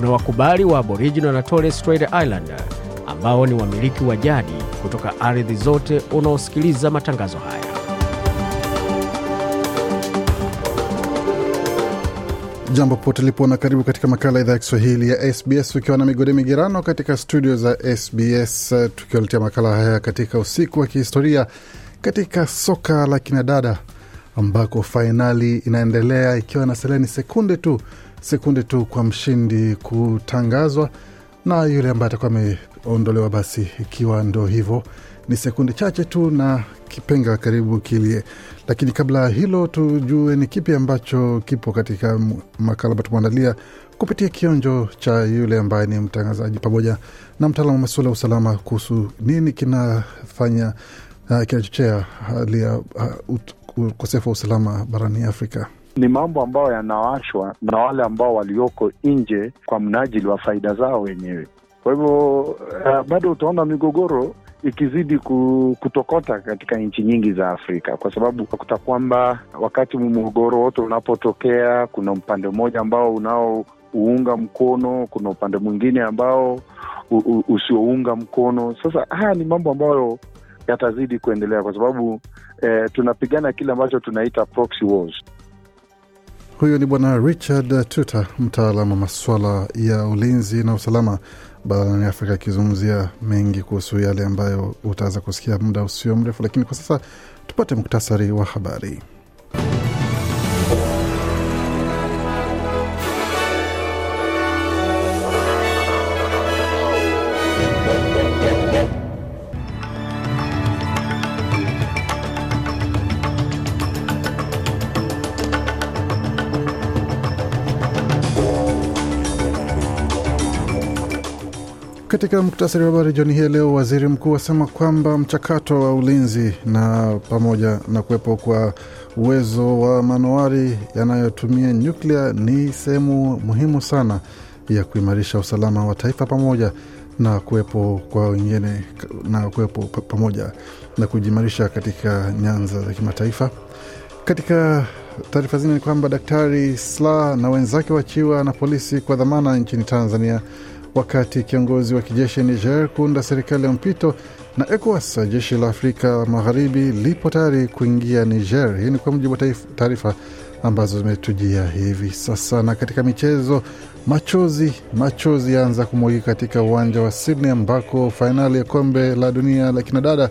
kuna wakubali wa Aboriginal na Torres Strait Islander ambao ni wamiliki wa jadi kutoka ardhi zote unaosikiliza matangazo haya. Jambo popote lipo na karibu katika makala ya idhaa ya Kiswahili ya SBS ukiwa na migode migerano katika studio za SBS tukiwaletea makala haya katika usiku wa kihistoria katika soka la kinadada ambako fainali inaendelea ikiwa na seleni sekunde tu sekunde tu kwa mshindi kutangazwa, na yule ambaye atakuwa ameondolewa, basi ikiwa ndo hivyo ni sekunde chache tu na kipenga karibu kilie. Lakini kabla hilo, tujue ni kipi ambacho kipo katika makala ambayo tumeandalia kupitia kionjo cha yule ambaye ni mtangazaji pamoja na mtaalamu wa masuala ya usalama kuhusu nini kinafanya uh, kinachochea hali ya uh, ukosefu wa usalama barani Afrika ni mambo ambayo yanawashwa na wale ambao walioko nje kwa mnajili wa faida zao wenyewe. Kwa hivyo uh, bado utaona migogoro ikizidi kutokota katika nchi nyingi za Afrika kwa sababu akuta kwamba wakati mgogoro wote unapotokea, kuna upande mmoja ambao unaouunga mkono, kuna upande mwingine ambao usiounga mkono. Sasa haya ni mambo ambayo yatazidi kuendelea kwa sababu eh, tunapigana kile ambacho tunaita proxy wars. Huyu ni Bwana Richard Tuta, mtaalamu wa masuala ya ulinzi na usalama barani Afrika, akizungumzia mengi kuhusu yale ambayo utaweza kusikia muda usio mrefu, lakini kwa sasa tupate muktasari wa habari. Katika muktasari wa habari jioni hii leo, waziri mkuu asema kwamba mchakato wa ulinzi na pamoja na kuwepo kwa uwezo wa manowari yanayotumia nyuklia ni sehemu muhimu sana ya kuimarisha usalama wa taifa pamoja na kuwepo kwa wengine na kuwepo pamoja na kujimarisha katika nyanza za kimataifa. Katika taarifa zingine ni kwamba Daktari sla na wenzake wachiwa na polisi kwa dhamana nchini Tanzania wakati kiongozi wa kijeshi Niger kuunda serikali ya mpito na ECOWAS. Jeshi la Afrika Magharibi lipo tayari kuingia Niger. Hii ni kwa mujibu wa taarifa ambazo zimetujia hivi sasa. Na katika michezo, machozi machozi yaanza kumwagika katika uwanja wa Sydney ambako fainali ya kombe la dunia la kinadada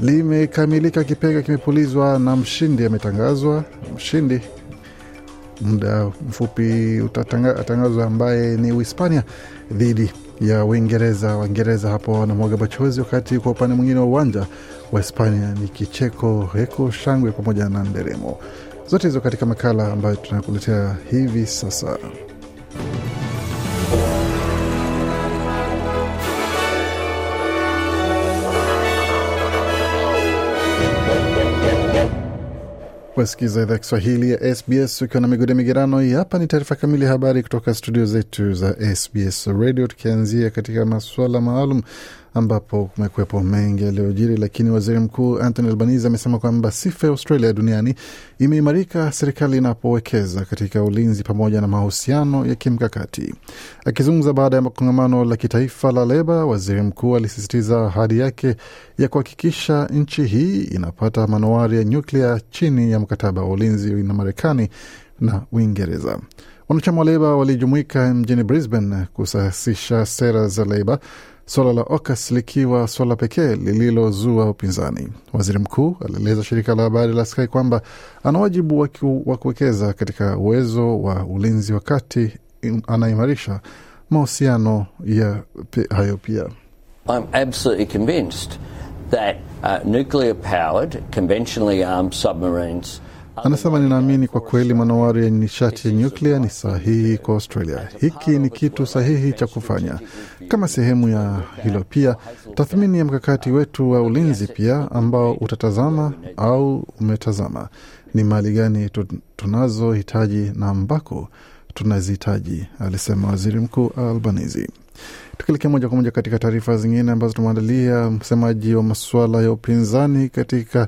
limekamilika. Kipenga kimepulizwa na mshindi ametangazwa mshindi muda mfupi utatangazwa, ambaye ni Uhispania dhidi ya Uingereza. Waingereza hapo wanamwaga machozi, wakati kwa upande mwingine wa uwanja wa Hispania ni kicheko, heko, shangwe pamoja na nderemo, zote hizo katika makala ambayo tunakuletea hivi sasa. wasikiliza idhaa Kiswahili ya SBS ukiwa na migode migerano. Hii hapa ni taarifa kamili ya habari kutoka studio zetu za SBS Radio, tukianzia katika masuala maalum ambapo kumekuwepo mengi yaliyojiri, lakini waziri mkuu Anthony Albanese amesema kwamba sifa ya Australia duniani imeimarika serikali inapowekeza katika ulinzi pamoja na mahusiano ya kimkakati. Akizungumza baada ya kongamano la kitaifa la Leba, waziri mkuu alisisitiza ahadi yake ya kuhakikisha nchi hii inapata manowari ya nyuklia chini ya mkataba wa ulinzi na Marekani na Uingereza. Wanachama wa Leba walijumuika mjini Brisbane kusasisha sera za Leba suala la ocas likiwa suala pekee lililozua upinzani. Waziri mkuu alieleza shirika la habari la Sky kwamba ana wajibu wa kuwekeza katika uwezo wa ulinzi wakati anaimarisha mahusiano ya hayo pia. I'm absolutely convinced that uh, nuclear powered conventionally armed submarines Anasema, ninaamini kwa kweli manowari ya nishati ya nyuklia ni sahihi kwa Australia. Hiki ni kitu sahihi cha kufanya. Kama sehemu ya hilo, pia tathmini ya mkakati wetu wa ulinzi pia, ambao utatazama au umetazama ni mali gani tunazohitaji na ambako tunazihitaji, alisema waziri mkuu Albanizi. Tukielekea moja kwa moja katika taarifa zingine ambazo tumeandalia, msemaji wa masuala ya upinzani katika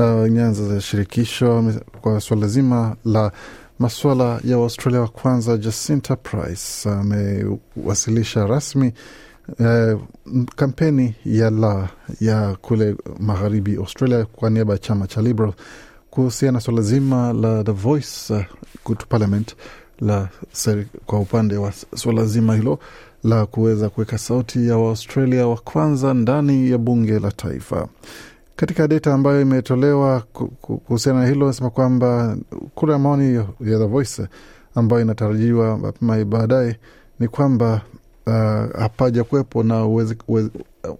uh, nyanza za shirikisho kwa swala zima la maswala ya Waustralia wa kwanza Jacinta Price amewasilisha rasmi uh, kampeni ya la ya kule magharibi Australia kwa niaba ya chama cha Liberal kuhusiana na zima la the voice uh, to parliament la seri, kwa upande wa swala zima hilo la kuweza kuweka sauti ya waustralia wa kwanza ndani ya bunge la taifa. Katika data ambayo imetolewa kuhusiana na hilo, nasema kwamba kura ya maoni ya The Voice ambayo inatarajiwa mapema baadaye ni kwamba uh, hapaja kuwepo na uh,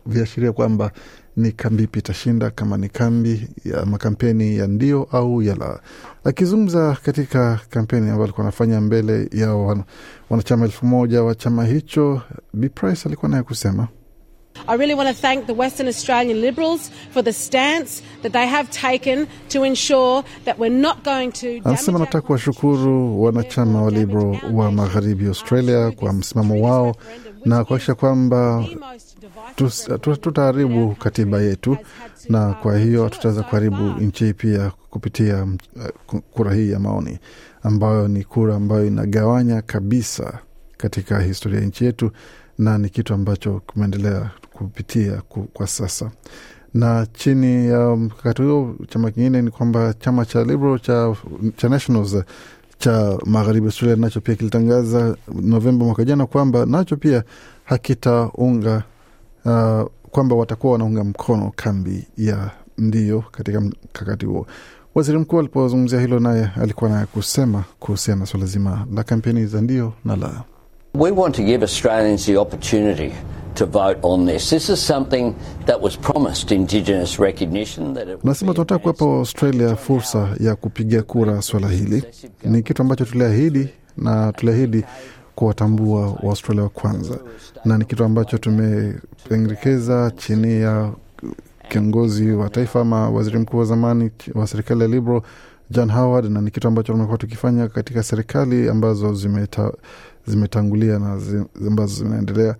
viashiria kwamba ni kambi ipi itashinda, kama ni kambi ya makampeni ya ndio au ya la. Akizungumza katika kampeni ambayo alikuwa anafanya mbele ya wanachama elfu moja wa chama hicho, B Price alikuwa naye kusema I really want to thank the Western Australian Liberals for the stance that they have taken to ensure that we're not going to. Anasema nataka kuwashukuru wanachama wa Liberal wa magharibi Australia kwa msimamo wao na kuakisha kwamba tutaharibu katiba yetu, na kwa hiyo tutaweza kuharibu nchi hii pia kupitia eh, kura hii ya maoni, ambayo ni kura ambayo inagawanya kabisa katika historia ya nchi yetu, na ni kitu ambacho kimeendelea kupitia kwa sasa na chini ya um, mkakati huo, chama kingine ni kwamba chama cha Liberal cha, cha Nationals cha magharibi Australia nacho pia kilitangaza Novemba mwaka jana kwamba nacho pia hakitaunga uh, kwamba watakuwa wanaunga mkono kambi ya ndio katika mkakati huo. Waziri mkuu alipozungumzia hilo, naye alikuwa naye kusema kuhusiana na swala zima la kampeni za ndio na la We want to give Australians the opportunity to vote on this. This is something that was promised Indigenous recognition Nasema tunataka kuwapa Australia fursa ya kupiga kura swala hili. Ni kitu ambacho tuliahidi na tuliahidi kuwatambua Waustralia wa kwanza, na ni kitu ambacho tumependekeza chini ya kiongozi wa taifa ama waziri mkuu wa zamani wa serikali ya Liberal John Howard, na ni kitu ambacho tumekuwa tukifanya katika serikali ambazo zimeta, zimetangulia na zi, ambazo zinaendelea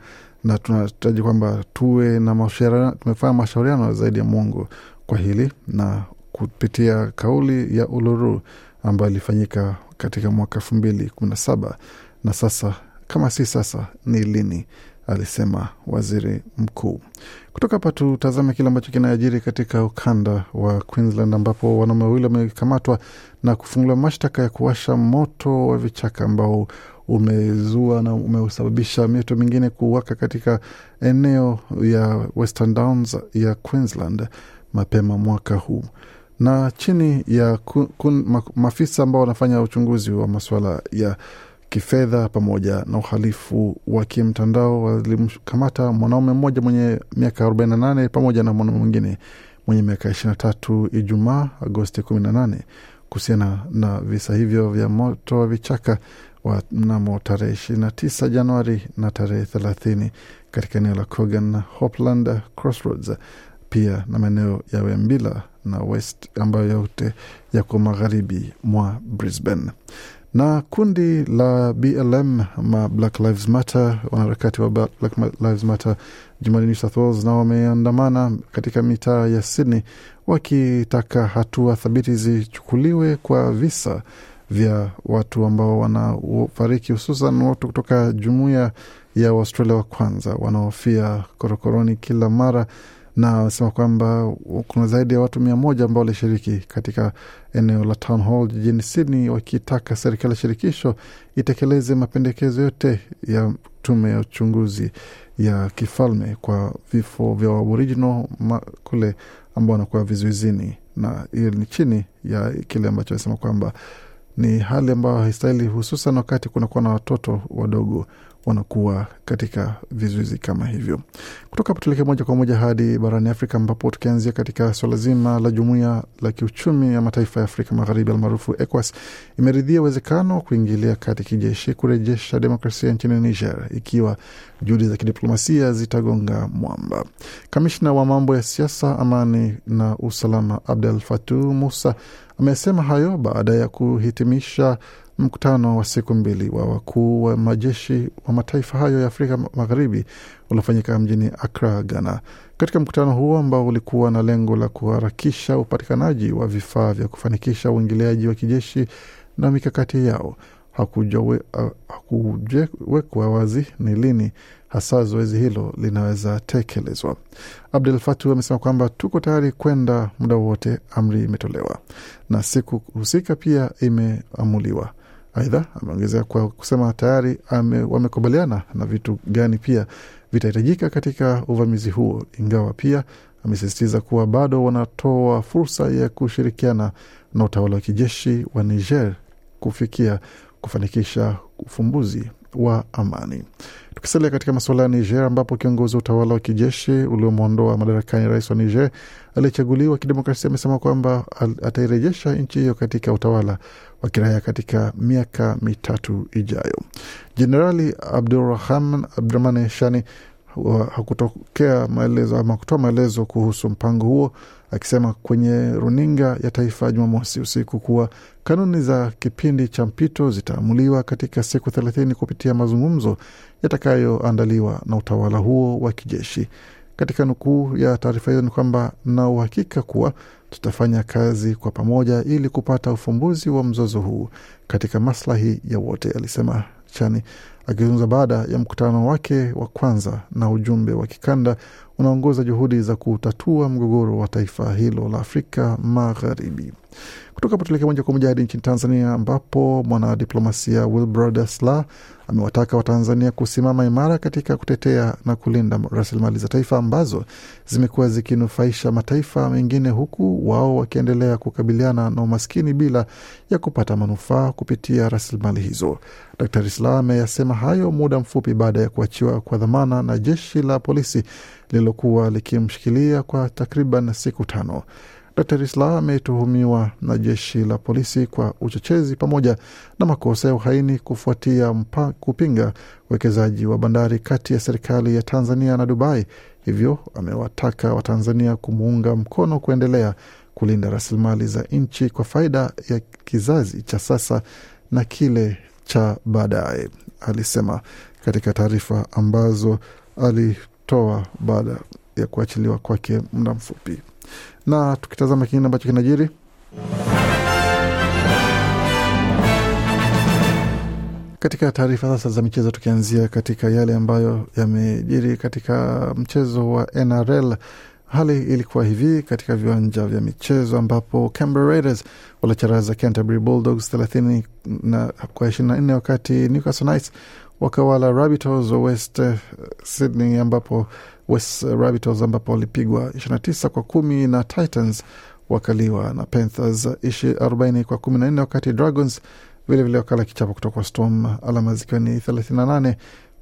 na tunahitaji kwamba tuwe na mashauriano, tumefanya mashauriano zaidi ya Mungu kwa hili na kupitia kauli ya Uluru ambayo ilifanyika katika mwaka elfu mbili kumi na saba na sasa kama si sasa ni lini, alisema waziri mkuu. Kutoka hapa tutazame kile ambacho kinaajiri katika ukanda wa Queensland ambapo wanaume wawili wamekamatwa na kufunguliwa mashtaka ya kuwasha moto wa vichaka ambao umezua na umesababisha mioto mingine kuwaka katika eneo ya Western Downs ya Queensland mapema mwaka huu na chini ya kun, kun, maafisa ambao wanafanya uchunguzi wa masuala ya kifedha pamoja na uhalifu wa kimtandao walimkamata mwanaume mmoja mwenye miaka 48 pamoja na mwanaume mwingine mwenye miaka 23 Ijumaa Agosti 18 kuhusiana na visa hivyo vya moto wa vichaka wa mnamo tarehe ishirini na tisa Januari na tarehe thelathini katika eneo la Kogan na Hopland Crossroads, pia na maeneo ya Wembila na West ambayo yote yako magharibi mwa Brisbane na kundi la BLM ma Black Lives Matter, wanaharakati wa Black Lives Matter jumbani New South Wales, nao wameandamana katika mitaa ya Sydney wakitaka hatua thabiti zichukuliwe kwa visa vya watu ambao wanafariki, hususan watu kutoka jumuiya ya Waustralia wa kwanza wanaofia korokoroni kila mara, na wanasema kwamba kuna zaidi ya watu mia moja ambao walishiriki katika eneo la town hall jijini Sydney wakitaka serikali ya shirikisho itekeleze mapendekezo yote ya tume ya uchunguzi ya kifalme kwa vifo vya Waaboriginal kule ambao wanakuwa vizuizini, na hiyo ni chini ya kile ambacho wanasema kwamba ni hali ambayo haistahili, hususan wakati kunakuwa na watoto wadogo wanakuwa katika vizuizi kama hivyo. Kutoka hapo tuelekee moja kwa moja hadi barani Afrika, ambapo tukianzia katika swala zima la jumuiya la kiuchumi ya mataifa ya Afrika Magharibi almaarufu ECOWAS imeridhia uwezekano wa kuingilia kati kijeshi kurejesha demokrasia nchini Niger ikiwa juhudi za kidiplomasia zitagonga mwamba. Kamishna wa mambo ya siasa, amani na usalama Abdel Fatu Musa amesema hayo baada ya kuhitimisha Mkutano wa siku mbili wa wakuu wa majeshi wa mataifa hayo ya Afrika Magharibi uliofanyika mjini akra Ghana. Katika mkutano huo ambao ulikuwa na lengo la kuharakisha upatikanaji wa vifaa vya kufanikisha uingiliaji wa kijeshi na mikakati yao, hakujawekwa uh, wazi ni lini hasa zoezi hilo linaweza tekelezwa. Abdul Fatu amesema kwamba tuko tayari kwenda muda wowote amri imetolewa na siku husika pia imeamuliwa. Aidha, ameongezea kwa kusema tayari ame, wamekubaliana na vitu gani pia vitahitajika katika uvamizi huo, ingawa pia amesisitiza kuwa bado wanatoa fursa ya kushirikiana na utawala wa kijeshi wa Niger kufikia kufanikisha ufumbuzi wa amani. Tukisalia katika masuala ya Niger, ambapo kiongozi wa utawala wa kijeshi uliomwondoa madarakani rais wa Niger aliyechaguliwa kidemokrasia amesema kwamba atairejesha nchi hiyo katika utawala wa kiraia katika miaka mitatu ijayo. Jenerali Abdurahman Abdurahmani Shani hakutokea maelezo ama kutoa maelezo kuhusu mpango huo akisema kwenye runinga ya taifa Jumamosi usiku kuwa kanuni za kipindi cha mpito zitaamuliwa katika siku thelathini kupitia mazungumzo yatakayoandaliwa na utawala huo wa kijeshi. Katika nukuu ya taarifa hiyo ni kwamba na uhakika kuwa tutafanya kazi kwa pamoja ili kupata ufumbuzi wa mzozo huu katika maslahi ya wote, alisema Chani Akizungumza baada ya mkutano wake wa kwanza na ujumbe wa kikanda unaongoza juhudi za kutatua mgogoro wa taifa hilo la Afrika Magharibi. Kutoka hapo tuelekea moja kwa moja hadi nchini Tanzania, ambapo mwanadiplomasia Wilbrod amewataka Watanzania kusimama imara katika kutetea na kulinda rasilimali za taifa ambazo zimekuwa zikinufaisha mataifa mengine, huku wao wakiendelea kukabiliana na umaskini bila ya kupata manufaa kupitia rasilimali hizo. Dr. Sla ameyasema alisema hayo muda mfupi baada ya kuachiwa kwa dhamana na jeshi la polisi lililokuwa likimshikilia kwa takriban siku tano. Dr. Isla ametuhumiwa na jeshi la polisi kwa uchochezi pamoja na makosa ya uhaini kufuatia mpa, kupinga uwekezaji wa bandari kati ya serikali ya Tanzania na Dubai. Hivyo amewataka Watanzania kumuunga mkono kuendelea kulinda rasilimali za nchi kwa faida ya kizazi cha sasa na kile cha baadaye alisema katika taarifa ambazo alitoa baada ya kuachiliwa kwake muda mfupi. Na tukitazama kingine ambacho kinajiri katika taarifa sasa za michezo, tukianzia katika yale ambayo yamejiri katika mchezo wa NRL Hali ilikuwa hivi katika viwanja vya michezo ambapo Canberra Raiders walicharaza Canterbury Bulldogs 30 na kwa 24, wakati Newcastle Knights wakawala Rabbitohs wa West eh, Sydney ambapo West Rabbitohs ambapo walipigwa 29 kwa kumi na Titans wakaliwa na Panthers 40 kwa 14, wakati Dragons vilevile wakala kichapo kutoka Storm, alama zikiwa ni 38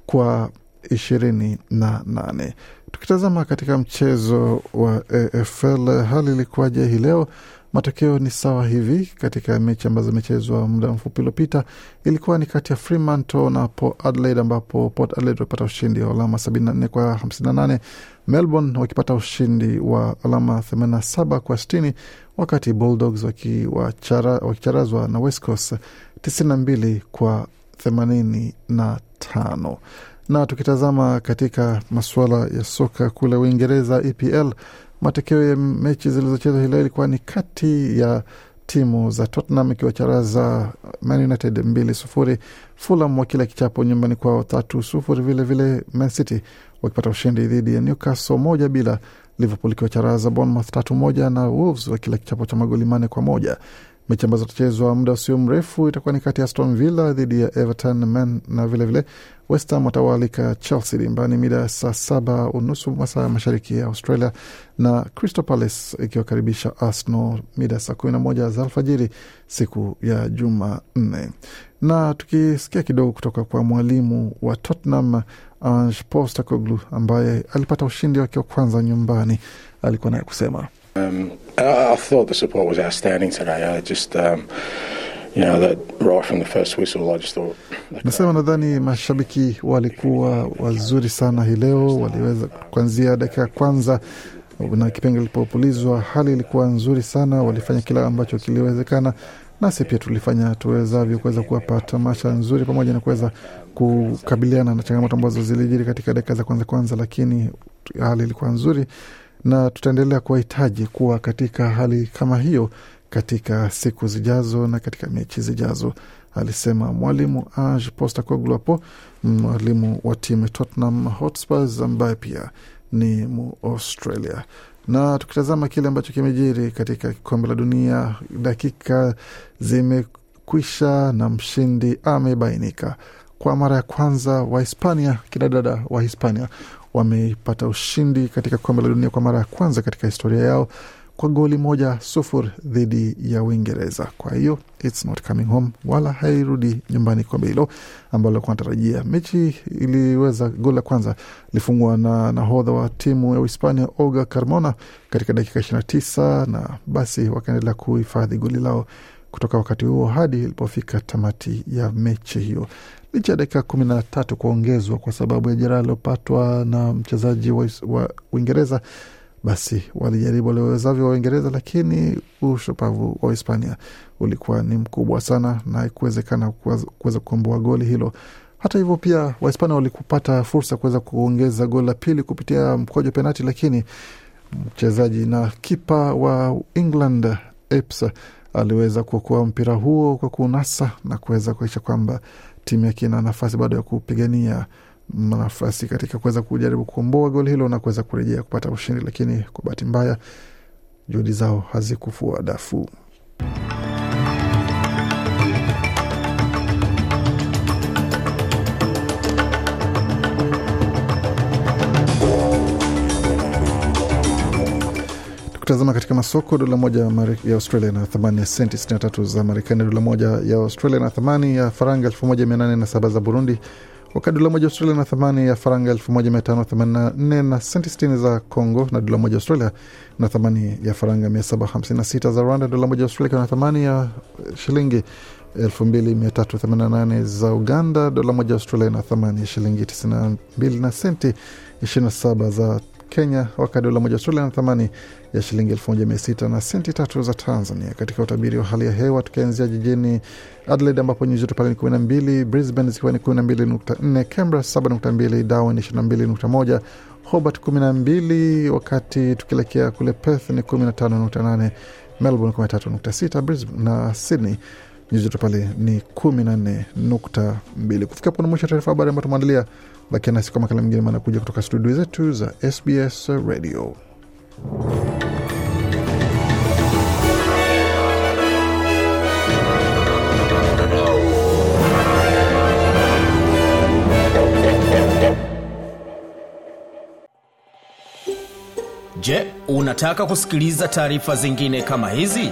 kwa ishirini na nane. Tukitazama katika mchezo wa AFL hali ilikuwaje hii leo? Matokeo ni sawa hivi katika mechi ambazo imechezwa muda mfupi uliopita. Ilikuwa ni kati ya Fremantle na Port Adelaide, ambapo Port Adelaide walipata ushindi wa alama 74 kwa 58, Melbourne wakipata ushindi wa alama 87 kwa 60, wakati Bulldogs wakicharazwa na West Coast 92 kwa 85. Na tukitazama katika masuala ya soka kule Uingereza, EPL, matokeo ya mechi zilizochezwa hii ilikuwa ni kati ya timu za Tottenham ikiwacharaza Man United mbili sufuri, Fulham wakila kichapo nyumbani kwao tatu sufuri, vilevile Man City wakipata ushindi dhidi ya Newcastle moja bila, Liverpool ikiwacharaza Bournemouth tatu moja na Wolves wakila kichapo cha magoli manne kwa moja. Mechi ambazo itachezwa muda usio mrefu itakuwa ni kati ya Aston Villa dhidi ya Everton Man, na vilevile West Ham watawaalika Chelsea dimbani mida saa saba unusu masaa ya mashariki ya Australia, na Crystal Palace ikiwakaribisha Arsenal mida saa kumi na moja za alfajiri siku ya Jumanne. Na tukisikia kidogo kutoka kwa mwalimu wa Tottenham Ange Postecoglou ambaye alipata ushindi wake wa kwanza nyumbani, alikuwa naye kusema Um, I, I, thought the support was outstanding today. I just um, You know, that right from the first whistle, I just thought... Nasema nadhani mashabiki walikuwa wazuri sana hii leo, waliweza kuanzia dakika ya kwanza na kipenga ilipopulizwa, hali ilikuwa nzuri sana, walifanya kila ambacho kiliwezekana, nasi pia tulifanya tuwezavyo kuweza kuwapa tamasha nzuri, pamoja na kuweza kukabiliana na changamoto ambazo zilijiri katika dakika za kwanza kwanza, lakini hali ilikuwa nzuri na tutaendelea kuwahitaji kuwa katika hali kama hiyo katika siku zijazo na katika mechi zijazo, alisema mwalimu Ange Postecoglou, hapo mwalimu wa timu Tottenham Hotspur ambaye pia ni Muaustralia. Na tukitazama kile ambacho kimejiri katika kombe la dunia, dakika zimekwisha na mshindi amebainika kwa mara ya kwanza. Wahispania, kinadada wa Hispania wamepata ushindi katika kombe la dunia kwa mara ya kwanza katika historia yao kwa goli moja sufur dhidi ya Uingereza. Kwa hiyo it's not coming home, wala hairudi nyumbani kombe hilo ambalo kunatarajia. Mechi iliweza goli la kwanza lifungwa na nahodha wa timu ya Uhispania Olga Carmona katika dakika tisa na basi wakaendelea kuhifadhi goli lao kutoka wakati huo hadi ilipofika tamati ya mechi hiyo licha ya dakika kumi na tatu kuongezwa kwa sababu ya jeraha aliopatwa na mchezaji wa Uingereza. Basi walijaribu waliowezavyo wa Uingereza, lakini ushupavu wa Hispania ulikuwa ni mkubwa sana na kuwezekana kuweza kukomboa goli hilo. Hata hivyo pia Wahispania walikupata fursa kuweza kuongeza goli la pili kupitia mkojo penati, lakini mchezaji na kipa wa England Eps aliweza kuokoa mpira huo kwa kunasa na kuweza kuakisha kwamba timu yake ina nafasi bado ya kupigania nafasi katika kuweza kujaribu kuomboa goli hilo na kuweza kurejea kupata ushindi, lakini kwa bahati mbaya juhudi zao hazikufua dafu. Tukitazama katika masoko, dola moja ya Australia na thamani ya senti 63 za Marekani, dola moja ya Australia na thamani ya faranga 1807 za Burundi, wakati dola moja Australia na thamani ya faranga 1584 na senti 60 za Congo, na dola moja Australia na thamani ya faranga 756 za Rwanda, dola moja Australia na thamani ya shilingi 2388 za Uganda, dola moja Australia na thamani ya shilingi 92 na senti 27 za Kenya, wakati dola moja Australia na thamani ya shilingi elfu moja mia sita na senti tatu za Tanzania. Katika utabiri wa hali ya hewa, tukianzia jijini Adelaide ambapo nyuzi joto pale ni 12, Brisbane zikiwa ni 12.4, Canberra 7.2, Darwin 22.1, Hobart 12, wakati tukielekea kule Perth ni 15.8, Melbourne 13.6 na Sydney nyuzi joto pale ni 14.2. Kufikia pona hapo ni mwisho taarifa habari ambayo tumeandalia. Bakia nasi kwa makala mengine manakuja kutoka studio zetu za SBS Radio. Je, unataka kusikiliza taarifa zingine kama hizi?